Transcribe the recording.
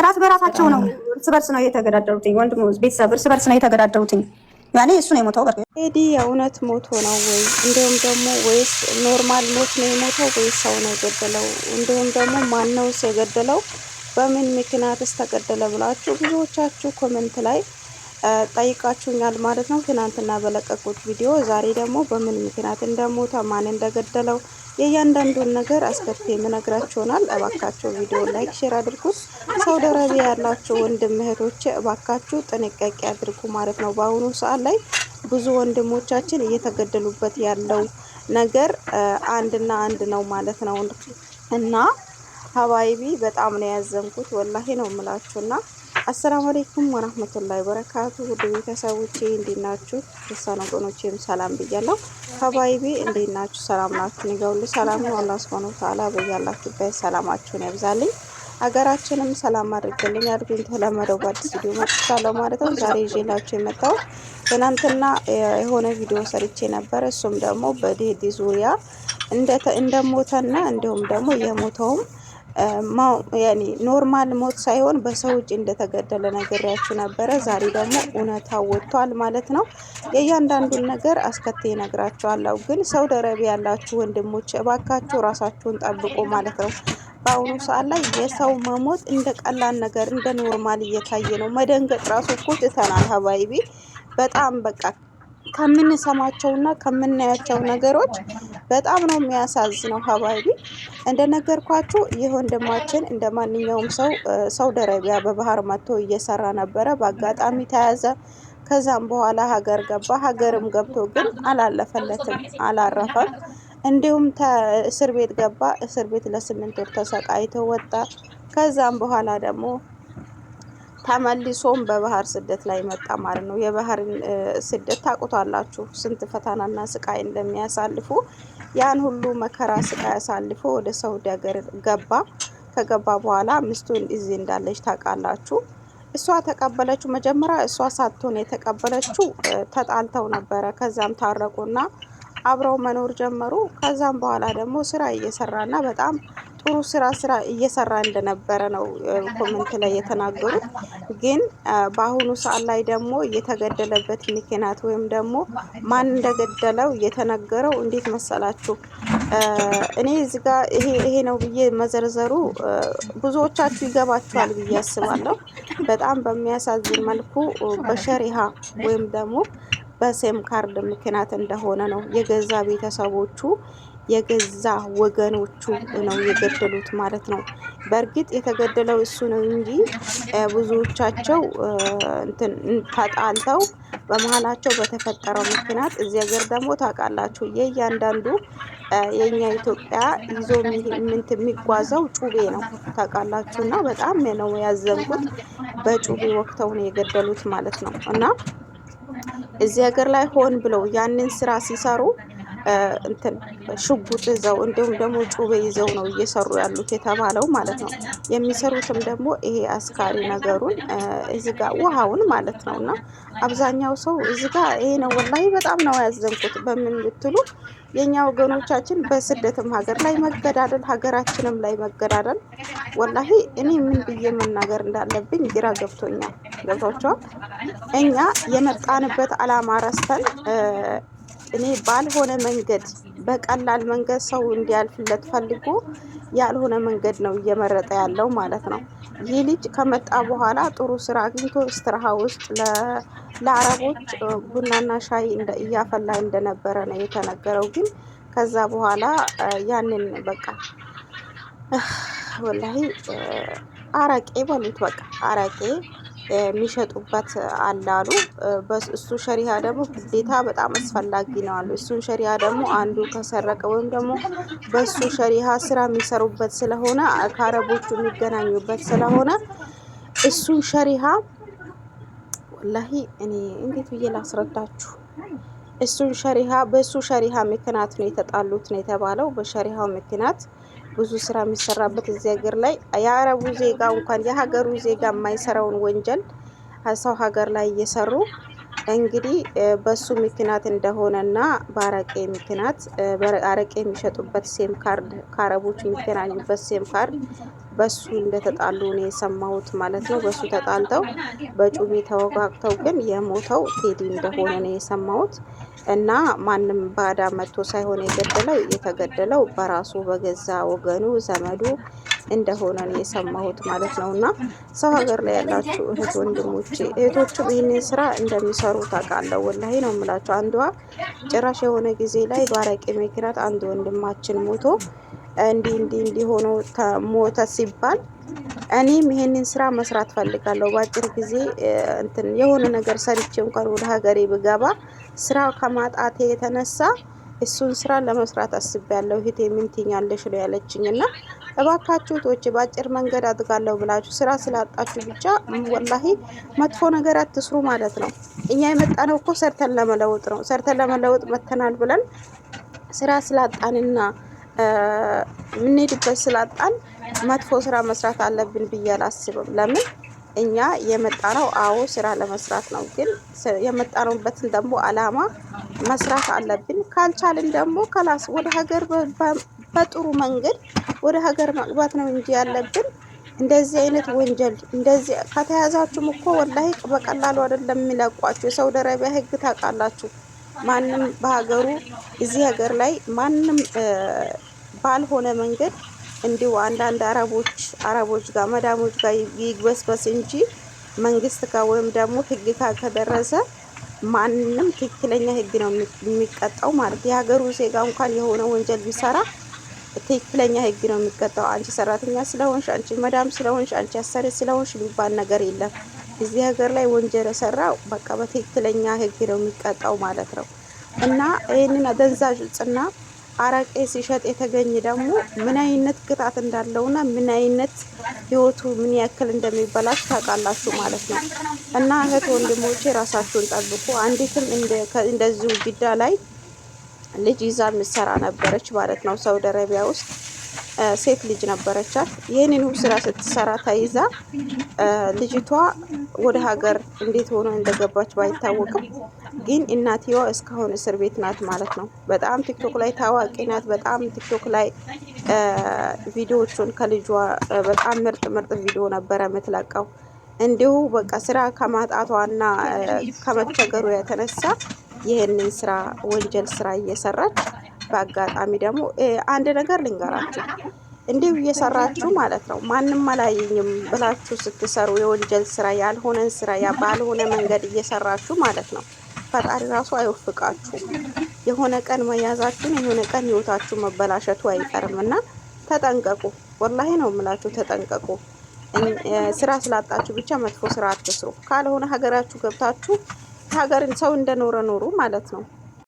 እራስ በራሳቸው ነው እርስ በርስ ነው የተገዳደሩት። ወንድም ቤተሰብ እርስ በርስ ነው የተገዳደሩትኝ። ያኔ እሱ ነው የሞተው። ቴዲ የእውነት ሞቶ ነው ወይ? እንዲሁም ደግሞ ወይስ ኖርማል ሞት ነው የሞተው ወይስ ሰው ነው የገደለው? እንዲሁም ደግሞ ማን ነው የገደለው? በምን ምክንያትስ ተገደለ ብላችሁ ብዙዎቻችሁ ኮመንት ላይ ጠይቃችሁኛል ማለት ነው። ትናንትና በለቀቁት ቪዲዮ ዛሬ ደግሞ በምን ምክንያት እንደሞተ ማን እንደገደለው የእያንዳንዱን ነገር አስከፊ የምነግራችሁናል። እባካችሁ ቪዲዮ ላይክ፣ ሼር አድርጉ። ሳውዲ አረቢያ ያላችሁ ወንድም እህቶቼ እባካችሁ ጥንቃቄ አድርጉ ማለት ነው። በአሁኑ ሰዓት ላይ ብዙ ወንድሞቻችን እየተገደሉበት ያለው ነገር አንድና አንድ ነው ማለት ነው እና ሀባይቢ በጣም ነው ያዘንኩት። ወላሂ ነው የምላችሁና አሰላሙ አሌይኩም ወራህመቱላሂ ወበረካቱ ውድ ቤተሰቦቼ እንዴት ናችሁ? ክርስቲያን ወገኖቼም ሰላም ብያለሁ። ከባይቤ እንዴት ናችሁ? ሰላም ናችሁ? እኔ ሰላም ነው። አላህ ሱብሃነሁ ወተዓላ በያላችሁበት ሰላማችሁን ያብዛልኝ፣ ሀገራችንም ሰላም አድርግልኝ። አድርጉኝ ተለመደው በአዲስ ቪዲዮ መጥቻለሁ ማለት ነው። ዛሬ ይዤላችሁ የመጣው ትናንትና የሆነ ቪዲዮ ሰርቼ ነበር። እሱም ደግሞ በዴዲ ዙሪያ እንደሞተና እንዲሁም ደግሞ የሞተውም ኖርማል ሞት ሳይሆን በሰው እጅ እንደተገደለ ነግሬያችሁ ነበረ። ዛሬ ደግሞ እውነታ ወጥቷል ማለት ነው። የእያንዳንዱን ነገር አስከቴ ነግራችኋለሁ። ግን ሳውዲ አረቢያ ያላችሁ ወንድሞች እባካችሁ ራሳችሁን ጠብቁ ማለት ነው። በአሁኑ ሰዓት ላይ የሰው መሞት እንደ ቀላል ነገር እንደ ኖርማል እየታየ ነው። መደንገጥ ራሱ እኮ ትተናል ሀባይቢ በጣም በቃ ከምንሰማቸውና ከምናያቸው ነገሮች በጣም ነው የሚያሳዝነው። ሀባይቢ እንደነገርኳችሁ ይህ ወንድማችን እንደ ማንኛውም ሰው ሳውዲ አረቢያ በባህር መጥቶ እየሰራ ነበረ። በአጋጣሚ ተያዘ። ከዛም በኋላ ሀገር ገባ። ሀገርም ገብቶ ግን አላለፈለትም፣ አላረፈም። እንዲሁም እስር ቤት ገባ። እስር ቤት ለስምንት ወር ተሰቃይቶ ወጣ። ከዛም በኋላ ደግሞ ተመልሶም በባህር ስደት ላይ መጣ ማለት ነው። የባህርን ስደት ታውቁታላችሁ፣ ስንት ፈተናና ስቃይ እንደሚያሳልፉ ያን ሁሉ መከራ ስቃይ አሳልፎ ወደ ሳውዲ ሀገር ገባ። ከገባ በኋላ ሚስቱ እዚህ እንዳለች ታውቃላችሁ። እሷ ተቀበለችው። መጀመሪያ እሷ ሳትሆን የተቀበለችው ተጣልተው ነበረ። ከዛም ታረቁና አብረው መኖር ጀመሩ። ከዛም በኋላ ደግሞ ስራ እየሰራና በጣም ጥሩ ስራ ስራ እየሰራ እንደነበረ ነው ኮመንት ላይ የተናገሩት። ግን በአሁኑ ሰዓት ላይ ደግሞ የተገደለበት ምክንያት ወይም ደግሞ ማን እንደገደለው እየተነገረው እንዴት መሰላችሁ? እኔ እዚጋ ይሄ ይሄ ነው ብዬ መዘርዘሩ ብዙዎቻችሁ ይገባችኋል ብዬ አስባለሁ። በጣም በሚያሳዝን መልኩ በሸሪሃ ወይም ደግሞ በሴም ካርድ ምክንያት እንደሆነ ነው የገዛ ቤተሰቦቹ የገዛ ወገኖቹ ነው የገደሉት ማለት ነው። በእርግጥ የተገደለው እሱ ነው እንጂ ብዙዎቻቸው ተጣልተው በመሀላቸው በተፈጠረው ምክንያት እዚህ ሀገር ደግሞ ታውቃላችሁ የእያንዳንዱ የእኛ ኢትዮጵያ ይዞ ምንት የሚጓዘው ጩቤ ነው ታውቃላችሁ። እና በጣም ነው ያዘንኩት። በጩቤ ወቅተው ነው የገደሉት ማለት ነው እና እዚህ ሀገር ላይ ሆን ብለው ያንን ስራ ሲሰሩ ሽጉጥ ይዘው እንዲሁም ደግሞ ጩቤ ይዘው ነው እየሰሩ ያሉት የተባለው ማለት ነው። የሚሰሩትም ደግሞ ይሄ አስካሪ ነገሩን እዚህ ጋር ውሃውን ማለት ነው። እና አብዛኛው ሰው እዚህ ጋር ይሄ ነው። ወላሂ በጣም ነው ያዘንኩት። በምን ብትሉ የእኛ ወገኖቻችን በስደትም ሀገር ላይ መገዳደል፣ ሀገራችንም ላይ መገዳደል። ወላሂ እኔ ምን ብዬ መናገር እንዳለብኝ ግራ ገብቶኛል። ገብቷቸዋል። እኛ የመጣንበት አላማ ረስተን እኔ ባልሆነ መንገድ በቀላል መንገድ ሰው እንዲያልፍለት ፈልጎ ያልሆነ መንገድ ነው እየመረጠ ያለው ማለት ነው። ይህ ልጅ ከመጣ በኋላ ጥሩ ስራ አግኝቶ ስትራሃ ውስጥ ለአረቦች ቡናና ሻይ እያፈላ እንደነበረ ነው የተነገረው። ግን ከዛ በኋላ ያንን በቃ ወላሂ አረቄ በሉት በቃ አረቄ የሚሸጡበት አላሉ። እሱ ሸሪሃ ደግሞ ግዴታ በጣም አስፈላጊ ነው አሉ። እሱን ሸሪሃ ደግሞ አንዱ ከሰረቀ ወይም ደግሞ በእሱ ሸሪሃ ስራ የሚሰሩበት ስለሆነ ከአረቦቹ የሚገናኙበት ስለሆነ እሱን ሸሪሃ ወላሂ እኔ እንዴት ብዬ ላስረዳችሁ? እሱን ሸሪሃ በእሱ ሸሪሃ ምክንያት ነው የተጣሉት ነው የተባለው በሸሪሃው ምክንያት ብዙ ስራ የሚሰራበት እዚህ ሀገር ላይ የአረቡ ዜጋ እንኳን የሀገሩ ዜጋ የማይሰራውን ወንጀል ሰው ሀገር ላይ እየሰሩ እንግዲህ በሱ ምክንያት እንደሆነና በአረቄ ምክንያት አረቄ የሚሸጡበት ሴም ካርድ ከአረቦች የሚገናኙበት ሴም ካርድ በሱ እንደተጣሉ ነው የሰማሁት ማለት ነው። በሱ ተጣልተው በጩቤ ተወጋግተው ግን የሞተው ቴዲ እንደሆነ ነው የሰማሁት። እና ማንም ባዳ መጥቶ ሳይሆን የገደለው የተገደለው በራሱ በገዛ ወገኑ ዘመዱ እንደሆነ ነው የሰማሁት ማለት ነው። እና ሰው ሀገር ላይ ያላችሁ እህት ወንድሞቼ፣ እህቶቹ ይህንን ስራ እንደሚሰሩ ታውቃለሁ። ወላሂ ነው የምላቸው። አንዷ ጭራሽ የሆነ ጊዜ ላይ በአረቄ ምክንያት አንድ ወንድማችን ሞቶ እንዲህ እንዲህ እንዲህ ሆኖ ሞተ ሲባል እኔም ይሄንን ስራ መስራት ፈልጋለሁ። በአጭር ጊዜ እንትን የሆነ ነገር ሰርቼ እንኳን ወደ ሀገሬ ብገባ ስራ ከማጣቴ የተነሳ እሱን ስራ ለመስራት አስቤያለሁ። እህቴ ምን ትይኛለሽ ነው ያለችኝ። እና እባካችሁ ቶች በአጭር መንገድ አድጋለሁ ብላችሁ ስራ ስላጣችሁ ብቻ ወላሂ መጥፎ ነገር አትስሩ ማለት ነው። እኛ የመጣነው እኮ ሰርተን ለመለወጥ ነው። ሰርተን ለመለወጥ መተናል ብለን ስራ ስላጣንና የምንሄድበት ስላጣን መጥፎ ስራ መስራት አለብን ብዬ አላስብም። ለምን እኛ የመጣነው አዎ ስራ ለመስራት ነው። ግን የመጣነውበትን ደግሞ አላማ መስራት አለብን። ካልቻልን ደግሞ ከላስ ወደ ሀገር በጥሩ መንገድ ወደ ሀገር መግባት ነው እንጂ ያለብን እንደዚህ አይነት ወንጀል እንደዚህ ከተያዛችሁም እኮ ወላሂ በቀላሉ አይደለም የሚለቋችሁ። የሳውዲ አረቢያ ህግ ታውቃላችሁ። ማንም በሀገሩ እዚህ ሀገር ላይ ማንም ባልሆነ መንገድ እንዲሁ አንዳንድ አረቦች አረቦች ጋር መዳሞች ጋር ይግበስበስ እንጂ መንግስት ጋር ወይም ደግሞ ህግ ጋር ከደረሰ ማንም ትክክለኛ ህግ ነው የሚቀጣው። ማለት የሀገሩ ዜጋ እንኳን የሆነ ወንጀል ቢሰራ ትክክለኛ ህግ ነው የሚቀጣው። አንቺ ሰራተኛ ስለሆንሽ፣ አንቺ መዳም ስለሆንሽ፣ አንቺ አሰሪ ስለሆንሽ የሚባል ነገር የለም። እዚህ ሀገር ላይ ወንጀል የሰራ በቃ በትክክለኛ ህግ ነው የሚቀጣው ማለት ነው እና ይህንን አደንዛዥ እጽና አረቄ ሲሸጥ የተገኘ ደግሞ ምን አይነት ቅጣት እንዳለውና ምን አይነት ህይወቱ ምን ያክል እንደሚበላሽ ታውቃላችሁ ማለት ነው። እና እህት ወንድሞቼ ራሳችሁን ጠብቁ። አንዲትም እንደዚሁ ጅዳ ላይ ልጅ ይዛ ምሰራ ነበረች ማለት ነው ሳውዲ አረቢያ ውስጥ ሴት ልጅ ነበረቻት። ይህንን ሁሉ ስራ ስትሰራ ተይዛ ልጅቷ ወደ ሀገር እንዴት ሆኖ እንደገባች ባይታወቅም ግን እናትየዋ እስካሁን እስር ቤት ናት ማለት ነው። በጣም ቲክቶክ ላይ ታዋቂ ናት። በጣም ቲክቶክ ላይ ቪዲዮዎቹን ከልጇ በጣም ምርጥ ምርጥ ቪዲዮ ነበረ የምትለቀው። እንዲሁ በቃ ስራ ከማጣቷና ከመቸገሩ የተነሳ ይህንን ስራ ወንጀል ስራ እየሰራች በአጋጣሚ ደግሞ አንድ ነገር ልንገራችሁ፣ እንዲሁ እየሰራችሁ ማለት ነው ማንም አላየኝም ብላችሁ ስትሰሩ የወንጀል ስራ ያልሆነን ስራ ባልሆነ መንገድ እየሰራችሁ ማለት ነው ፈጣሪ ራሱ አይወፍቃችሁም። የሆነ ቀን መያዛችሁን የሆነ ቀን ህይወታችሁ መበላሸቱ አይቀርም እና ተጠንቀቁ። ወላሄ ነው የምላችሁ፣ ተጠንቀቁ። ስራ ስላጣችሁ ብቻ መጥፎ ስራ አትስሩ። ካልሆነ ሀገራችሁ ገብታችሁ ሀገርን ሰው እንደኖረ ኖሩ ማለት ነው።